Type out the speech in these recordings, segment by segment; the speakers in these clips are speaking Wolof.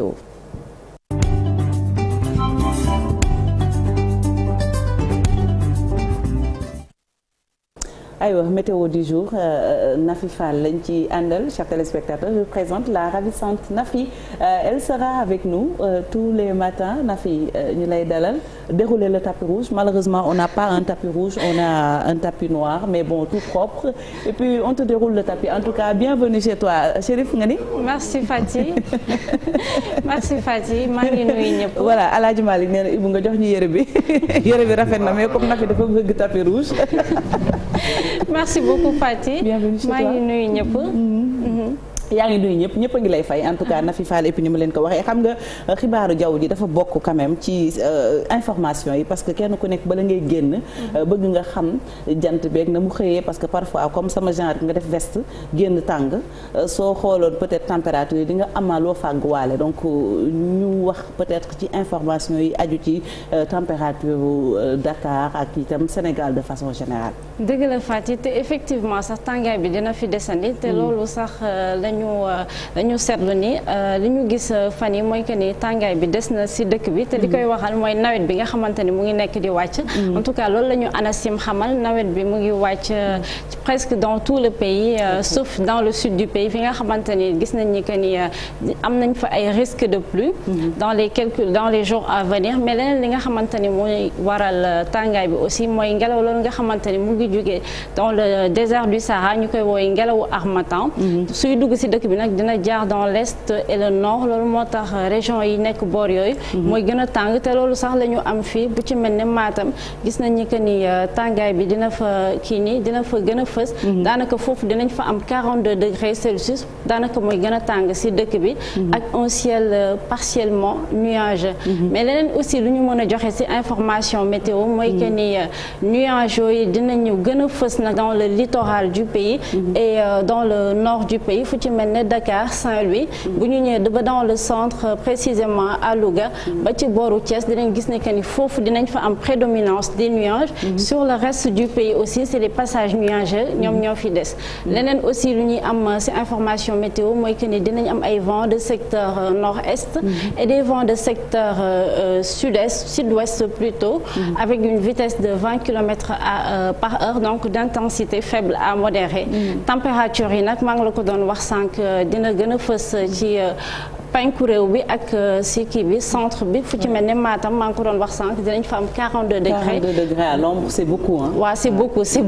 Cool. ay aywa météo di jour euh, euh, Nafi Fall lañ ci àndal chers téléspectateurs je vous présente la ravissante Nafi euh, elle sera avec nous tous les matins Nafi ñu lay dalal dérouler le tapis rouge malheureusement on n'a pas un tapis rouge on a un tapis noir mais bon tout propre et puis on te déroule le tapis en tout cas bienvenue chez toi Chérif nga ni. merci Fati merci Fati maa ñëpp. voilà El Hadj Malick nee na nga jox ñu yére bi yére bi rafet na mais comme Nafi dafa bëgg tapis rouge. merci beaucoup Faty. bienvenue maa ngi nuyu ñëpp. Mm-hmm. yaa ngi nuyu ñëpp ñëpp a ngi lay fay en tout cas mm-hmm. Nafi Fall et puis ni ma leen ko waxee xam nga euh, xibaaru jaww ji dafa bokk ci euh, information yi parce que kenn ku nekk bala ngay génn. Mm-hmm. Euh, bëgg nga xam jant beeg na mu xëyee parce que parfois comme sama genre nga def veste génn tàng soo xooloon peut-être température yi di nga amal loo fàgguwaale donc ñu wax peut-être ci information yi aju ci température Dakar ak itam Sénégal de façon générale. dëgg la Faty te te mm-hmm. ñu ñu seetlu ni euh, li ñu gis euh, fan yi mooy que ni tàngaay bi des na si dëkk bi te li koy mm-hmm. waxal mooy nawet bi nga xamante ni mu ngi nekk di wàcc mm-hmm. en tout cas loolu lañu ñu ANACIM xamal nawet bi mu ngi wàcc euh, presque dans tout le pays mm-hmm. sauf dans le sud du pays fi nga xamante ni gis nañ ni que ni am nañ fa ay risques de pluie dans les quelques dans les jours à venir mais leneen li nga xamante ni mooy waral tàngaay bi aussi mooy ngelaw loolu nga xamante ni mu ngi jógee dans le désert du ñu koy wooy ngelawu Harmattan si dëkk bi nag dina jaar dans l'est et le nord loolu moo tax région yi nekk boor yooyu mhm. mooy gën a tàng te loolu sax la ñu am fii bu ci mel ne Matam gis nañ ni que ni euh, tàngaay bi dina fa kii nii dina fa gën a fës mhm. daanaka foofu dinañ fa am 42 degrés Celsius daanaka mooy gën a tàng si dëkk bi mhm. ak un ciel euh, partiellement nuageux mais leneen aussi lu ñu mën a joxe si information météo mooy que ni euh, nuage yooyu dinañu gën a fës nag dans littoral du pays et dans le nord du pays fu ci mel ne Dakar Saint-Louis bu ñu ñëwee ba dans le centre précisément à Louga ba ci booru Thiès dinañ gis ne que ni foofu dinañ fa am prédominance des nuages mm-hmm. sur le reste du pays aussi c'est les passages nuageux ñoom ñoo fi des mm-hmm. leneen aussi lu ñuy am euh, ci information météo mooy que ni dinañ am ay vents de secteur euh, nord-est mm-hmm. et des vents de secteur euh, sud-est sud-ouest plutôt avec une vitesse de 20 kilomètres à par heure donc d'intensité faible à modérée température yi sànq euh, dina gën a fës ci euh, penku réew bi ak euh, si kii bi centre bi fu ci mel ne maatam maa ngi ko doon wax sànq dinañ fa am 42 degrés 42 degrés à l'ombre c'est beaucoup hein waaw c'est beaucoup c'est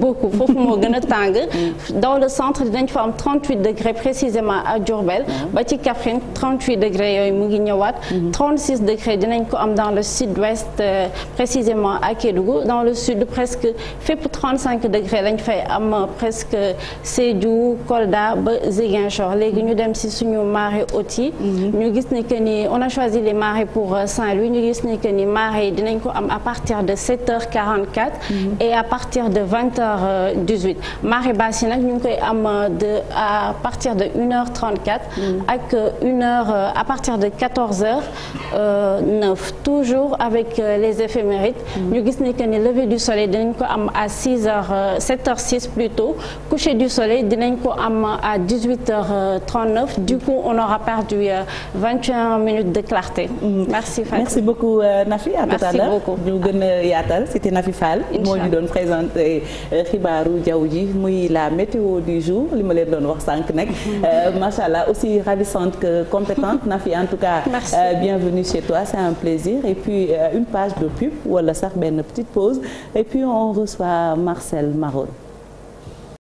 moo gën a tàng mm. dans le centre dinañ fa am 38 degrés précisément à Diourbel mm. ba ci Kaffrine 38 degrés yooyu mu ngi ñëwaat 36 mm-hmm. degrés dinañ ko am dans le sud-ouest euh, précisément à Kédougou dans le sud presque fépp 35 degrés lañ fay am presque Sédhiou Kolda ba Ziguinchor léegi ñu dem si suñu marée haute yi mm-hmm. ñu gis ni que ni on a choisi les marées pour euh, Saint-Louis ñu gis ni que ni marée dinañ ko am à partir de 7h44. Mm-hmm. et à partir de 20h18 marée basse yi ñu ngi koy am euh, de à partir de 1 et 34 ak 1 euh, à partir de 14h09 toujours avec les éphémérides. Mm-hmm. ñu gis ni que ni lever du soleil dinañ ko am à 6h 7h06 du soleil dinañ ko am à 18h39 du coup on aura perdu. 21 minutes de clarté. Mm. merci Fatou merci beaucoup euh, Nafi. à tout à l'heure ñu gën a yaatal c'était Nafi Fall. moo ñu doon présenté euh, xibaaru jaww ji muy la météo du jour li ma leen doon wax sànq nag. Mm. Euh, macha allah aussi ravissante que compétente Nafi en tout cas. Euh, bienvenue chez toi c'est un plaisir et puis euh, une page de pub wala sax benn petite pause et puis on reçoit Marcel Marone.